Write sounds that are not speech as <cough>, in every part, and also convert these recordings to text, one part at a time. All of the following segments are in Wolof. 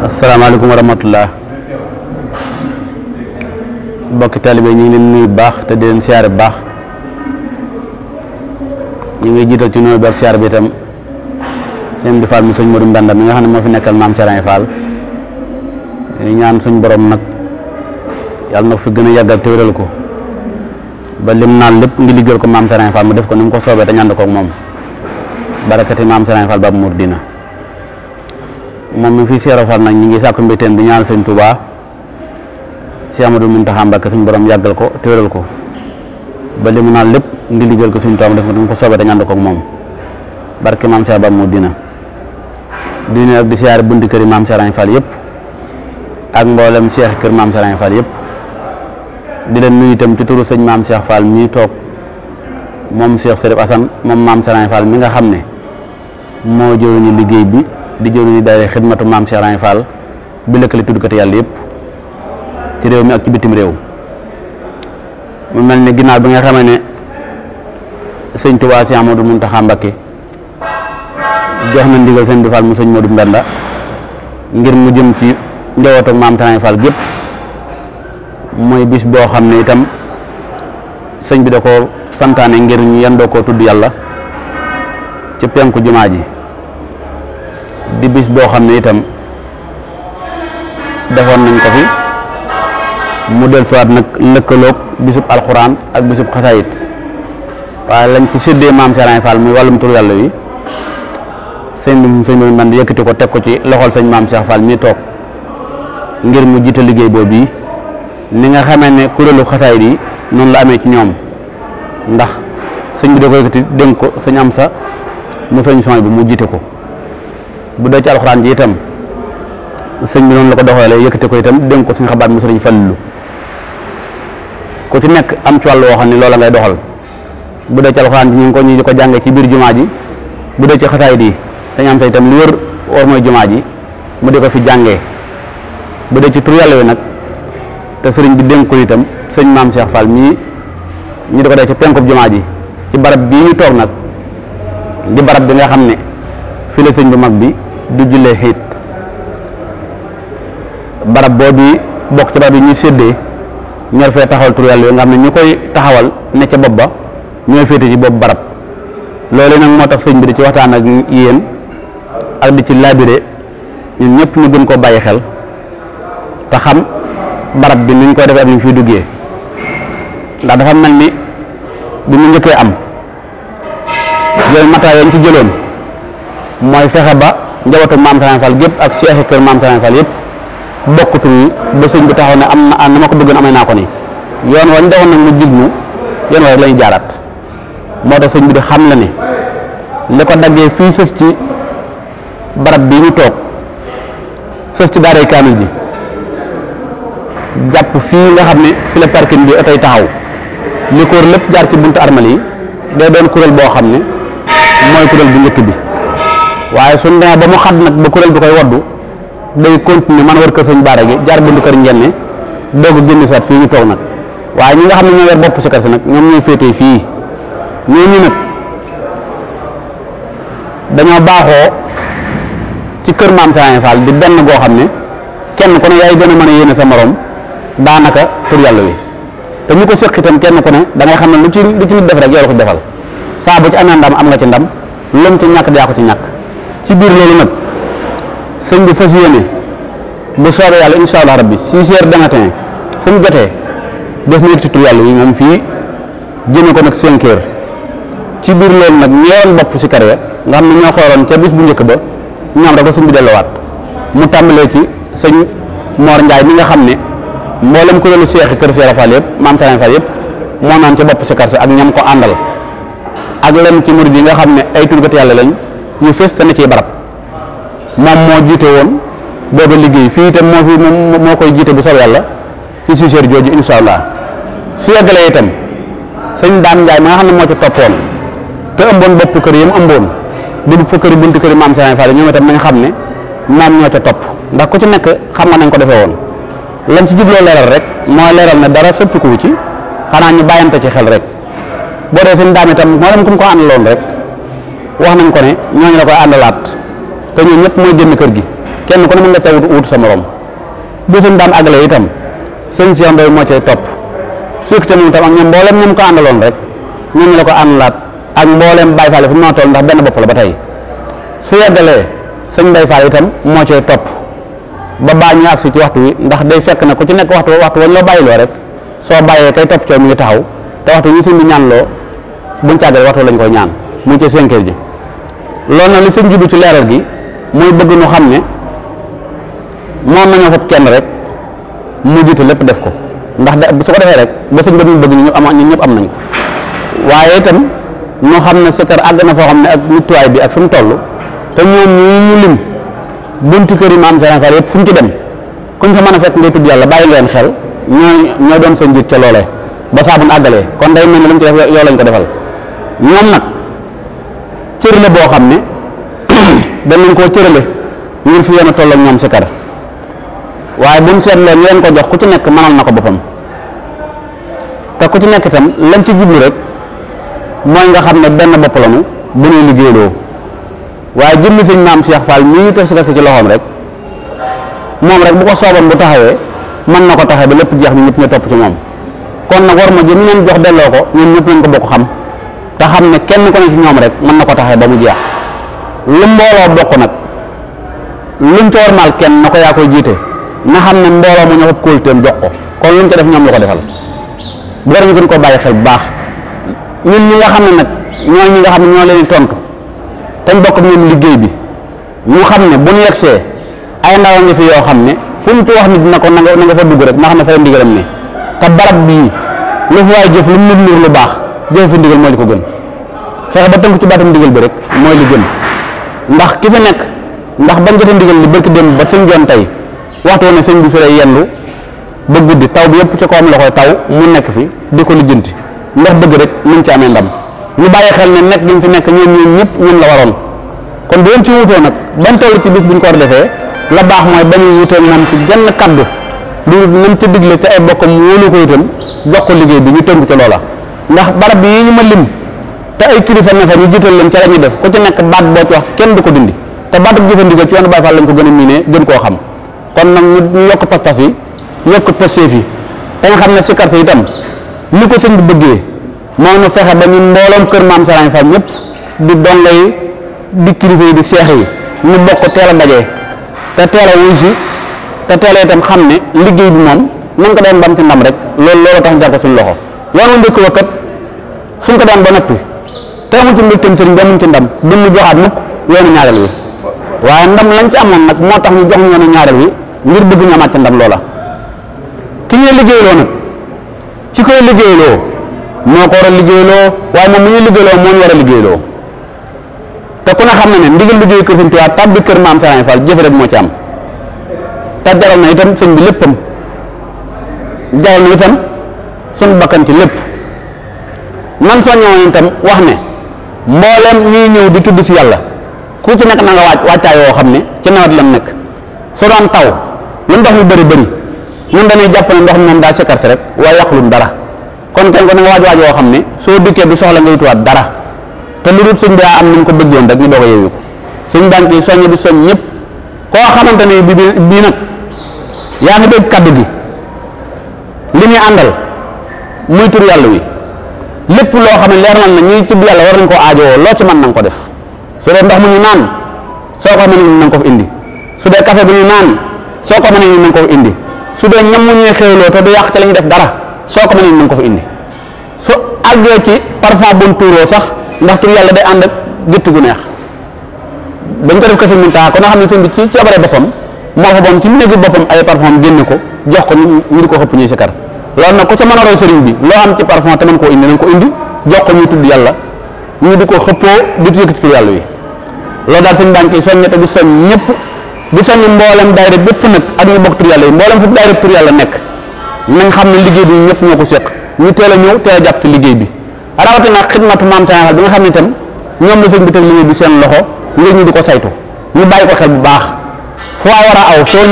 asalaamaaleykum wa rahmatullah mbokki taalibe ñu ngi leen nuyu baax te di leen siyaare bu baax ñu ngi jiital ci nuyu bi ak siyaare bi itam seen di Fall mi sëñ Modou Mbenda mi nga xam ne moo fi nekkal maam Serigne ñu ñaan suñ borom nag yàlla na fi gën a yàggal te wéral ko ba lim naan lépp ngi liggéeyal ko maam Serigne Fall mu def ko ni mu ko soobee te ñànd ko moom barakati maam Serigne Fall ba mu mur dina moom mi fi seero fal nag ñi ngi sàkku mbégteem di ñaan sëñ Touba si Amadou Muntaxa Mbàkke suñu borom yàggal ko téeral ko ba li mu naan lépp ndi li ko suñ toom def ko ko soobee te ñaan ko ak moom barke maam Cheikh Bamba mu dina di nuyu ak di siyaare kër yi maam Serigne yëpp ak mboolem Cheikh kër maam Serigne Fall yëpp di leen nuyu itam ci turu sëñ maam Cheikh Fall mii toog moom Cheikh Serif Assane moom maam Serigne Fall mi nga xam ne moo jëwee ni liggéey bi. di jëwriñu daayira xidmatu maam Cheikh Ibra Fall bi lëkkale tuddkati yàlla yëpp ci réew mi ak ci bitim réew mu mel ni ginaar bi nga xamee ne sëñ Tuubaa si Amadou Muntaxa Mbakke jox na ndigal sëñ bi Fall mu sëñ Modou Mbenda ngir mu jëm ci njabootu maam Cheikh Ibra Fall gépp mooy bis boo xam ne itam sëñ bi da ko santaane ngir ñu yendoo koo tudd yàlla ci penku jumaa ji bis boo xam ne itam defoon nañ ko fi mu del suwaat nag lëkkaloog bisub alxuraan ak bisub xasaayit waaye lañ ci seddee maam Serigne Fall muy wàllum tur yàlla wi sëñ bi sëñ bi man yëkkati ko teg ko ci loxol sëñ maam Cheikh Fall mi toog ngir mu jiite liggéey boobu yi ni nga xamee ne kuréelu xasaayit yi noonu la amee ci ñoom ndax sëñ bi da ko yëkkati dénk ko sëñ am sa mu sëñ son bi mu jiite ko bu dee ci alxuraan ji itam sëñ bi noonu la ko doxalee yëkkate ko itam dénk ko suñu xabaat mu sëriñ Fallu ku ci nekk am ci wàll woo xam ne loola ngay doxal bu dee ci alxuraan ji ngi ko ñu di ko ci biir jumaa ji bu dee ci xataay di dañ am sa itam lu wër war mooy ji mu di fi jàngee bu dee ci tur yàlla te sëriñ bi dénk itam sëñ maam Cheikh Fall mii ñu di ko dee ci penkub jumaa ji ci barab bii ñu toog nag di barab bi nga xam ne fi la sëñ bu mag bi du jullee xiit barab boo di bokk ci barab yi ñuy séddee ñor fee taxawal tur yàlla yoo nga xam ne ñu koy taxawal ne ca bopp ba ñooy féete ci bopp barab loolu nag moo tax sëñ bi di ci waxtaan ak yéen ak di ci labiré ñun ñëpp ñu gën koo bàyyi xel te xam barab bi ni ñu koy defee am ñu fiy duggee ndax dafa mel ni bi mu njëkkee am yooyu mataa yañ ci jëloon mooy fexe ba njabootu maam Serigne Fall gépp ak seexi kër maam Serigne Fall yëpp bokk tur yi ba sëñ bi taxaw ne am na na ma ko bëggoon amee naa ko nii yoon wañ defoon nag mu jignu yoon wa rek la jaaraat moo tax sëñ bi di xam la ne li ko daggee fii sëf ci barab bii ñu toog sëf ci daaray kaamil ji jàpp fii nga xam ne fi la bi otoy taxaw li ko lépp jaar ci buntu armal yi day doon kuréel boo xam ne mooy kuréel bu njëkk bi waaye suñ demee ba mu xat nag ba kuréel bi koy waddu day continuer man war kër sëñ baara gi jaar bundu kër njenne doog a génn seet fii ñu toog nag waaye ñi nga xam ne ñoo yor bopp si kër nag ñoom ñooy féetee fii ñooñu nag dañoo baaxoo ci kër maam Sëriñ Fall di benn xam ne kenn ku ne yaay gën a mën a yéene daanaka tur yàlla wi te ñu ko séq itam kenn ku da ngay xam ne lu ci lu ci def rek yow defal saa ci amee ndam am nga ci ndam lum ci ñàkk yaa ko ci ñàkk. ci biir loolu nag sëñ bi fas yéene bu soobee yàlla incha allah rabbi six heures du matin fu mu jotee des na yëg ci tur yàlla yi moom fii jëme ko nag cinq ci biir loolu nag ñeewoon bopp si kare nga xam ne ñoo xooloon ca bis bu njëkk ba ñoom rek ko sëñ bi delluwaat mu tàmbalee ci sëñ Mor Ndiaye mi nga xam ne mboolem kuréelu seexi kër Seera Fall yëpp maam Sane Fall yëpp moo naan ca bopp si kar ak ñam ko àndal ak lenn ci murid yi nga xam ne ay turgat yàlla lañ. yu fees te ne ci barab moom moo jiite woon booba liggéey fii itam moo fi moom moo koy jiite bu soobee yàlla ci sujet jooju incha allah su yeggalee itam sëñ Daan Njaay ma nga xam ne moo ci toppoon te ëmboon bopp kër yi mu ëmboon di bopp kër yi buntu kër yi maam Sëriñ Fall ñoom xam ne maam ñoo ca topp ndax ku ci nekk xam nga nañ ko defee woon lan ci jubloo leeral rek mooy leeral ne dara sëppiku ci xanaa ñu bàyyante ci xel rek boo dee sëñ Daan itam moo dem ku mu ko àndaloon rek. wax nañ ko ne ñooñu la koy àndalaat te ñoo ñëpp mooy génn kër gi kenn ku ne mën nga ca wut bu suñ daan àggale itam sëñ Cheikh Mbaye moo cay topp sukkite moom itam ak ñoom mboolem ñoom ko àndaloon rek ñooñu la ko laat ak mboolem bay Fall fi mu mën a ndax benn bopp la ba tey su yeggalee sëñ Baye Fall itam moo cay topp ba baa ñu agsi ci waxtu wi ndax day fekk na ku ci nekk waxtu waxtu wañ la bàyyiloo rek soo bàyyee kay topp coow mu ngi taxaw te waxtu ñu sëñ bi ñaan loo buñ càggale waxtu lañ koy ñaan mu ci cinq heures ji loolu nag li sëñ jublu ci leeral gi muy bëgg ñu xam ne moom nañoo fab kenn rek mu jiite lépp def ko ndax de su ko defee rek ba sëñ ba ñu bëgg ñu ñëpp am ñëpp am nañ ko waaye itam ñoo xam ne Sékar àgg na foo xam ne ak nituwaay bi ak fi mu toll te ñoom ñu ñu lim bunti kër yi maam Serigne Fall yëpp fu ñu ci dem kuñ fa mën a fekk ngay tudd yàlla bàyyi leen xel ñooy ñooy doon sa njiit ca loolee ba saabu àggalee kon day mel ne lu ci def yow lañ ko defal ñoom nag cër la boo xam ne <clears throat> danañ koo cërale ngir fi yéen a toll ak ñoom sikar waaye buñ seetloo ñu leen ko jox ku ci nekk mënal na ko boppam te ku ci nekk itam lañ ci jublu rek mooy nga xam ne benn bopp lañu bu ñuy liggéeyloo waaye jublu suñ maam Cheikh Fall mii teg te si ci loxoom rek moom rek bu ko sooboon bu taxawee mën na ko taxawee ba lépp jeex ñu ñëpp ñu topp ci moom kon nag war ma jëm leen jox delloo ko ñun ñëpp nañ ko bokk xam. te xam ne kenn ku ne ci ñoom rek mën na ko taxee ba mu jeex lu mbooloo bokk nag luñ coormaal kenn na ko yaa koy jiite na xam ne mbooloo mu ñëw ëpp kóoluteem jox ko kon luñ ko def ñoom la ko defal bu war ñu gën ko bàyyi xel bu baax ñun ñi nga xam ne nag ñoo ñi nga xam ne ñoo leen tontu te ñu bokk ñoom liggéey bi ñu xam ne bu ñu yegsee ay ndaw nga fi yoo xam ne fu mu ci wax nit na ko na nga fa dugg rek na xam ne fay ndigalam ne lu baax jëfu ndigal mooy li ko gën fexe ba tënk ci baatam ndigal bi rek mooy li gën ndax ki fi nekk ndax bañ jotee ndigal li barki dem ba sëñ joon tey waxtu woon sëñ bi fi lay yendu ba guddi taw yëpp ci kawam la koy nekk fi di ko ndax dëgg rek niñ ci amee ndam ñu bàyyi xel ne nekk gi mu fi nekk ñoom kon bu yéen ci wutoo nag ban toll ci bis bu ñu ko war la baax mooy ba ñu wutee moom ci genn kaddu du nam ci digle te ay bokkam wóolu ko itam jox ko liggéey bi ñu tënk ci loola ndax barab yi ñu ma lim te ay kilifa ne fa ñu jiital leen ca la ñuy def ku ci nekk baat boo ci wax kenn di ko dindi te baat ak jëfandikoo ci yoonu Baay Faal lañ ko gën a miinee gën koo xam kon nag ñu yokk pas-pas yi yokk pastéef yi te nga xam ne si yi itam ni ko sëñ bi bëggee moo ñu fexe ba ñu mbooloom kër maam Sarañ Faal ñëpp di donga yi di kilifa yi di seex yi ñu bokk teel a dajee te teel a wuy si te teel a itam xam ne liggéey bi moom nañ ko doon bam ci ndam rek loolu loolu tax jàpp yoon wu njëkk wa kat suñ ko daan ba noppi te amuñ ci mbégteem sëriñ bi amuñ ci ndam duñ ñu joxaat mukk yoonu ñaareel wi waaye ndam lañ ci amoon nag moo tax ñu jox ñu yoonu ñaareel wi ngir bëgg ñu amaat ci ndam loola ki ñuy liggéeyloo nag ci koy liggéeyloo moo ko war a liggéeyloo waaye moom mu ñuy liggéeyloo moo ñu war a liggéeyloo te ku ne xam na ne ndigal liggéey kër Sëriñ Tuubaa tàbbi kër maam Sëriñ Fall jëfe rek moo ci am te jaral na itam sëñ bi léppam jaral na itam suñu bakkan ci lépp man soññoo itam wax ne mboolem ñuy ñëw di tudd si yàlla ku ci nekk na nga waaj wàccaay woo xam ne ci nawet lam nekk su doon taw lu ndox mi bëri bëri ñun dañuy jàpp ne ndox mi moom daa sekkar si rek waaye yàqulun dara kon kenn ko na nga waaj waaj woo xam ne soo dikkee du soxla nga wituwaat dara te lu dul suñ daa am ni mu ko bëggoon rek ñu doog a yeewu ko suñ daan ci soññ di soñ ñëpp koo xamante ne bi bii nag yaa ngi dégg kaddu gi li muy àndal muy tur yàlla wi lépp loo xam ne leer nañ na ñuy tudd yàlla war nañ koo aajowoo loo ci mën na nga ko def su dee ndox ñu naan soo ko mënee na ko indi su dee café bu ñu naan soo ko mënee na nga ko fi indi su dee ñam mu ñuy xéwloo te du yàq ci la ñuy def dara soo ko mënee na nga ko fi indi su àggee ci parfum bu mu tuuroo sax ndax tur yàlla day ànd ak gétt gu neex dañ ko def kese mun taa ko nga xam ne sëñ bi ci coobare boppam moo fa bon ci néegu boppam ay parfum génne ko jox ko ñu di ko xëpp loolu nag ku ca mën a roy sëriñ bi loo am ci parfum te mën koo indi nañ ko indi jox ko ñuy tudd yàlla ñu di ko xëppoo di yëkkati tur yàlla yi loolu daal sëñ bànk yi soññe te di soñ ñëpp du soññ mboolem daayira bépp nag ak ñu bokk tur yàlla yi mboolem fu daayira tur yàlla nekk nañ xam ne liggéey bi ñëpp ñoo ko seq ñu teel a ñëw teel a jàpp ci liggéey bi rawatina nag xidmatu maam Sénégal bi nga xam ne itam ñoom la sëñ bi teg liggéey bi seen loxo ngir di ko saytu ñu bàyyi ko bu baax foo a aw soo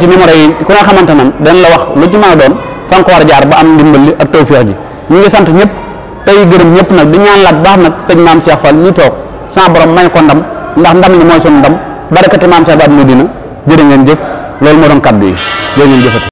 ci numéro yi ku xamante nam dañ la wax lu ci mën a fa nga war jaar ba am ndimbal li ak tawféex ji ñu ngi sant ñëpp tey gërëm ñëpp nag di ñaan laat baax nag sëñ maam Cheikh Fall mi toog sama borom may ko ndam ndax ndam li mooy sunu ndam barakati maam Cheikh Baat Medina jërë ngeen jëf loolu moo doon kàddu yi jërë jëfati